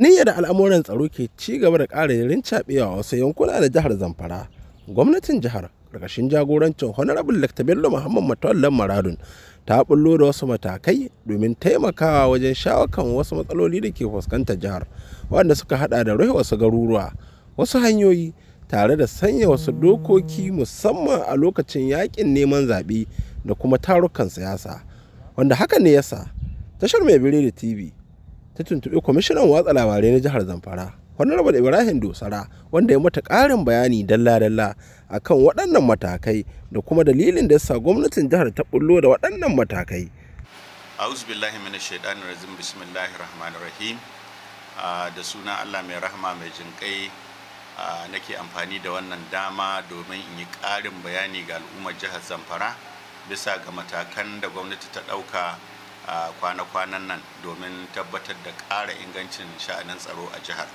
niyyar da al'amuran tsaro ke ci gaba da ƙara rincaɓewa wasu yankuna da jihar zamfara gwamnatin jihar ƙarƙashin jagorancin honorable dr bello muhammad matawallan maradun ta bullo da wasu matakai domin taimakawa wajen shawo kan wasu matsaloli da ke fuskantar jihar wanda suka hada da rufe wasu garuruwa wasu hanyoyi tare da sanya wasu dokoki musamman a lokacin yakin neman zaɓe da kuma tarukan siyasa wanda haka ne yasa tashar mai biredi tv ta tuntuɓi kwamishinan watsa labarai na jihar zamfara honorable ibrahim dosara wanda ya mata ƙarin bayani dalla-dalla a kan waɗannan matakai da kuma dalilin da sa gwamnatin jihar ta ɓullo da waɗannan matakai a'udhu billahi minash shaitanir rajim rahim ah, da suna Allah mai rahama mai jinƙai ah, nake amfani da wannan dama domin in yi ƙarin bayani ga al'ummar jihar Zamfara bisa ga matakan da gwamnati ta ɗauka a kwana-kwanan nan domin tabbatar da ƙara ingancin sha'anin tsaro a jihar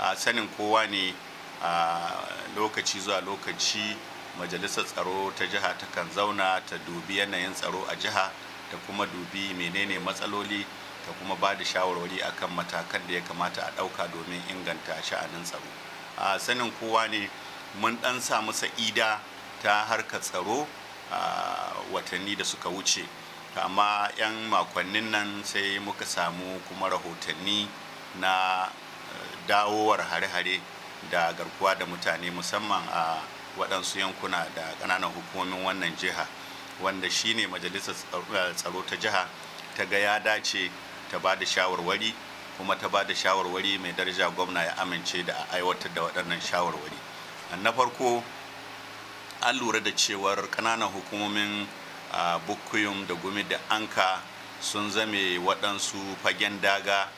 a sanin kowa ne a lokaci zuwa lokaci majalisar tsaro ta jiha kan zauna ta dubi yanayin tsaro a jiha da kuma dubi menene matsaloli ta kuma ba da shawarwari akan matakan da ya kamata a ɗauka domin inganta sha'anin tsaro a sanin kowa ne mun ɗan samu sa'ida ta harka tsaro a watanni da suka wuce amma 'yan makonnin nan sai muka samu kuma rahotanni na eh, dawowar hare-hare da garkuwa da mutane musamman a waɗansu yankuna da ƙananan hukumomin wannan jiha wanda shi ne majalisar eh, tsaro ta jiha ta ga ya dace ta ba da shawarwari kuma ta ba da shawarwari mai daraja gwamna ya amince da a aiwatar da waɗannan shawarwari na farko an lura da cewar ƙananan hukumomin bukuyum da gumi da anka sun zame waɗansu fagen daga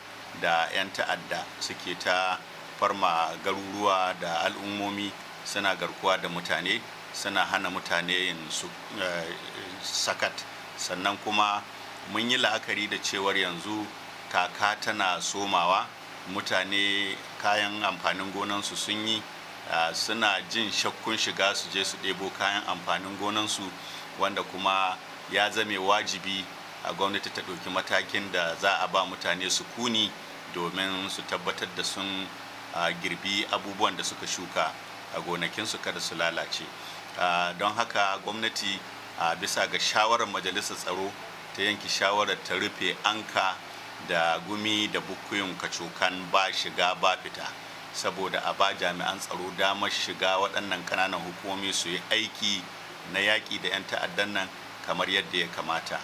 da 'yan ta'adda suke ta farma garuruwa da al'ummomi suna garkuwa da mutane suna hana mutane yin eh, sakat sannan kuma mun yi la'akari da cewar yanzu kaka tana somawa mutane kayan amfanin gonansu sun yi eh, suna jin shakkun shiga su je su ɗebo kayan amfanin gonansu wanda kuma ya zame wajibi a gwamnati ta ɗauki matakin da za a ba mutane su kuni domin su tabbatar da sun girbi abubuwan da suka shuka a gonakinsu kada su lalace don haka gwamnati a bisa ga shawarar majalisar tsaro ta yanki shawarar ta rufe anka da gumi da bukuyin kacokan ba shiga ba fita saboda a ba jami'an tsaro damar shiga waɗannan ƙananan hukumomi su yi aiki na yaƙi da 'yan ta'addan nan kamar yadda ya kamata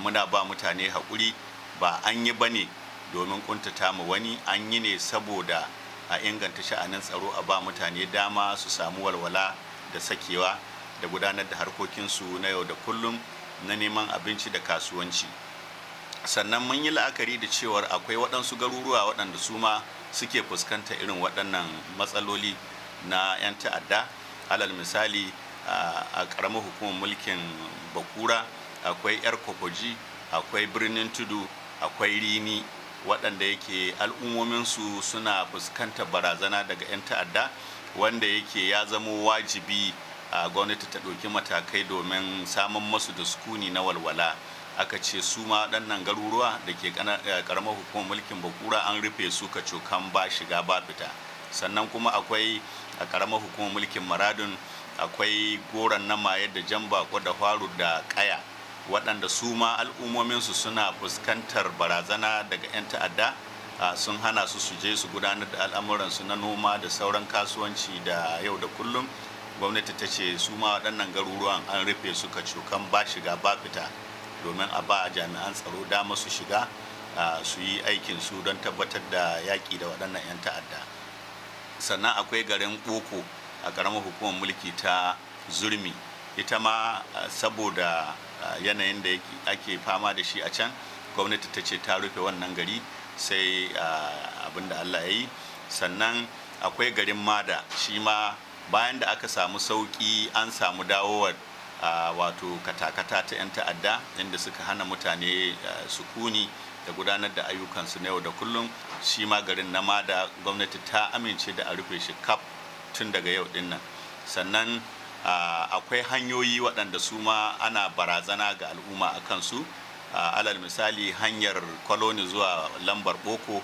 muna ba mutane haƙuri ba an yi ba ne domin ƙuntata mu wani an yi ne saboda a inganta sha'anin tsaro a ba mutane dama su samu walwala da sakewa da gudanar da harkokinsu na yau da kullum na neman abinci da kasuwanci sannan mun yi la'akari da cewar akwai waɗansu garuruwa waɗanda su ma suke fuskanta irin waɗannan matsaloli na 'yan ta'adda alal misali a karamar hukumar mulkin bakura akwai yar kokoji akwai birnin tudu akwai rini waɗanda yake al'ummominsu suna fuskantar barazana daga 'yan ta'adda wanda yake ya zamo wajibi a gwamnati ta ɗauki matakai domin samun masu da sukuni na walwala aka ce su ma waɗannan garuruwa da ke ƙaramar hukumar mulkin bakura an rufe su ka cokan ba shiga ba fita sannan kuma akwai a ƙaramar hukumar mulkin maradun akwai goron na maye da bako da faru da kaya waɗanda su ma al'ummominsu suna fuskantar barazana daga 'yan ta'adda sun hana su su je su gudanar da al'amuransu na noma da sauran kasuwanci da yau da kullum gwamnati ta ce su ma waɗannan garuruwan an rufe suka cokan ba shiga ba fita domin a ba jami'an tsaro dama su shiga su yi aikin su don tabbatar da yaƙi da waɗannan 'yan ta'adda sannan akwai garin boko a ƙaramin hukumar mulki ta zurmi ita ma saboda yanayin da ake fama da shi a can gwamnati ta ce ta rufe wannan gari sai abin da allah ya yi sannan akwai garin mada shi ma bayan da aka samu sauki an samu dawowar wato katakata ta 'yan ta'adda inda suka hana mutane sukuni da gudanar da ayyukansu na yau da kullum shi ma garin na mada gwamnati ta amince da a rufe shi kaf tun daga yau din nan sannan akwai hanyoyi waɗanda su ma ana barazana ga al'umma a kansu alal misali hanyar koloni zuwa lambar boko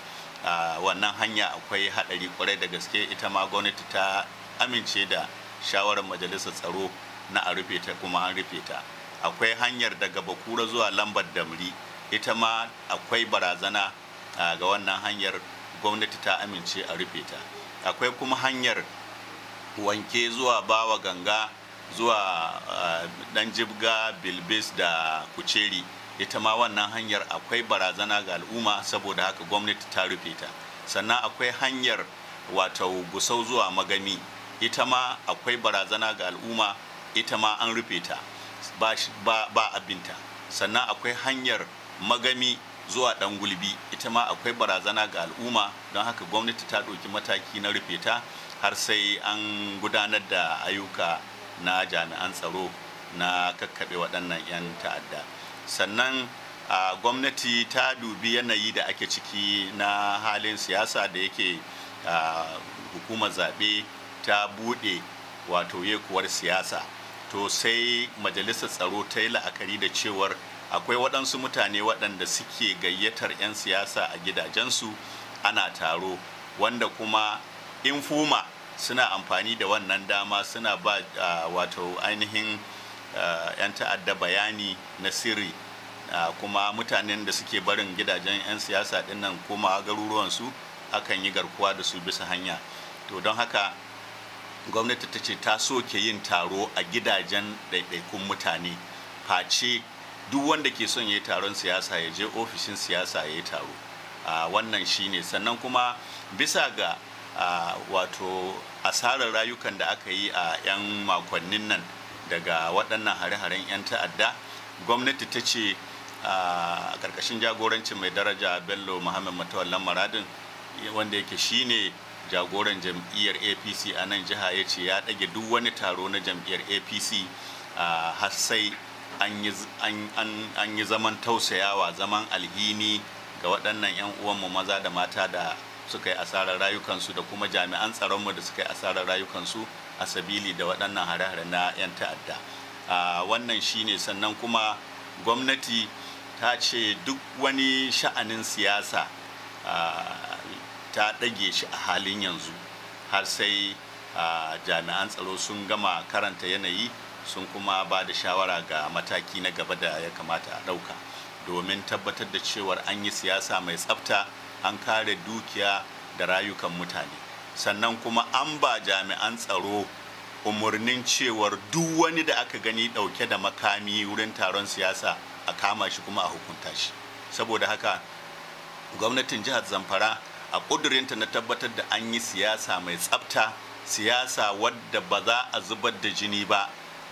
wannan hanya akwai haɗari kwarai da gaske ita ma gwamnati ta amince da shawarar majalisar tsaro na a rufe ta kuma an rufe ta akwai hanyar daga bakura zuwa lambar damri ita ma akwai barazana ga wannan hanyar gwamnati ta amince a rufe ta akwai kuma hanyar wanke zuwa bawa ganga zuwa dan eh, jibga bilbis da kuceri ita ma wannan hanyar akwai barazana ga al'umma saboda haka gwamnati ta rufe ta sannan akwai hanyar wato gusau zuwa magami ita ma akwai barazana ga al'umma ita ma an rufe ta ba abinta sannan akwai hanyar magami zuwa dan gulbi ita ma akwai barazana ga al'umma don haka gwamnati ta ɗauki mataki na rufe ta har sai an gudanar da ayyuka na jami'an tsaro na kakkaɓe waɗannan 'yan ta'adda sannan a gwamnati ta dubi yanayi da ake ciki na halin siyasa da yake hukumar zaɓe ta buɗe wato yekuwar siyasa to sai majalisar tsaro ta yi la'akari da cewar akwai waɗansu mutane waɗanda suke gayyatar 'yan siyasa a gidajensu ana taro wanda kuma infuma suna amfani da wannan dama suna ba wato ainihin 'yan ta'adda bayani na sirri kuma mutanen da suke barin gidajen 'yan siyasa dinnan koma garuruwansu akan yi garkuwa da su bisa hanya to don haka gwamnati ta ce ta soke yin taro a gidajen ɗaiɗaikun mutane face duk wanda ke son ya yi taron siyasa ya je ofishin siyasa ya yi taro wannan shine sannan kuma bisa ga wato asarar rayukan da aka yi a 'yan makonnin nan daga waɗannan hare-haren 'yan ta'adda gwamnati ta ce a ƙarƙashin jagorancin mai daraja bello muhammad matawallan maradin wanda yake shine jagoran jam'iyyar apc a nan jiha ya ce ya ɗage duk wani taro na jam'iyyar apc har sai an yi zaman tausayawa zaman alhini ga waɗannan 'yan uwanmu maza da mata da suka yi asarar rayukansu da kuma jami'an tsaronmu da suka yi asarar rayukansu a sabili da waɗannan hare-hare na 'yan ta'adda wannan shine sannan kuma gwamnati ta ce duk wani sha'anin siyasa ta ɗage shi a halin yanzu har sai jami'an tsaro sun gama karanta yanayi sun kuma ba da shawara ga mataki na gaba da ya kamata a ɗauka domin tabbatar da cewar an yi siyasa mai tsafta an kare dukiya da rayukan mutane sannan kuma an ba jami'an tsaro umarnin cewar duk wani da aka gani ɗauke da makami wurin taron siyasa a kama shi kuma a hukunta shi saboda haka gwamnatin jihar zamfara a ƙudurinta na tabbatar da an yi siyasa mai tsafta siyasa wadda ba za a zubar da jini ba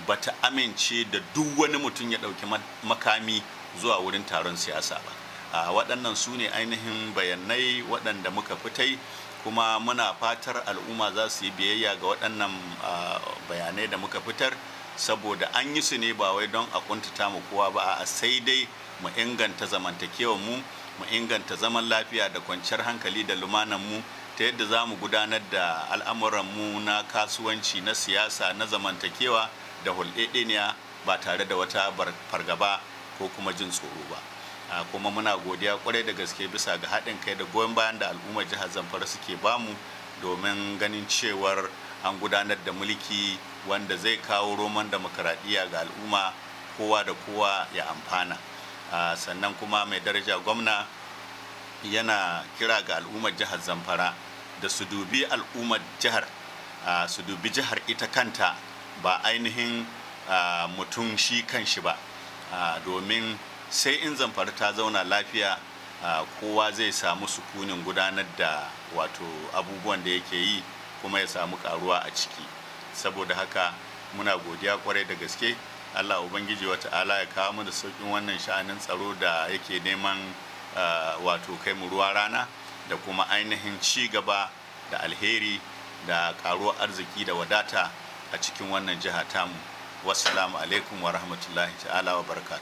ba ta amince da duk wani mutum ya ɗauki makami zuwa wurin taron siyasa ba waɗannan su ne ainihin bayanai waɗanda muka fitai kuma muna fatar al'umma za su yi biyayya ga waɗannan bayanai da muka fitar saboda an yi su ne ba wai don a kuntata mu kowa ba a sai dai mu inganta zamantakewar mu mu inganta zaman lafiya da kwanciyar hankali da lumanan mu ta yadda za mu gudanar da al'amuran mu na kasuwanci na siyasa na zamantakewa da hulɗeɗeniya ba tare da wata fargaba ko kuma jin tsoro ba. kuma muna godiya kwarai da gaske bisa ga haɗin kai da goyon bayan da al'ummar jihar zamfara suke bamu domin ganin cewar an gudanar da mulki wanda zai kawo roman demokaradiyya ga al'umma kowa da kowa ya amfana sannan kuma mai daraja gwamna yana kira ga al'ummar jihar zamfara da su dubi al'ummar jihar su dubi jihar ita kanta ba ainihin mutum shi kan shi ba domin sai in zamfara ta zauna lafiya kowa zai samu sukunin gudanar da wato abubuwan da yake yi kuma ya samu karuwa a ciki saboda haka muna godiya kwarai da gaske allah ubangiji wata'ala ya kawo mu da sauƙin wannan sha'anin tsaro da yake neman wato kai mu ruwa rana da kuma ainihin ci gaba da alheri da karuwar arziki da wadata a cikin wannan jiha tamu wasu alaikum wa rahmatullahi ta'ala wa barakatuh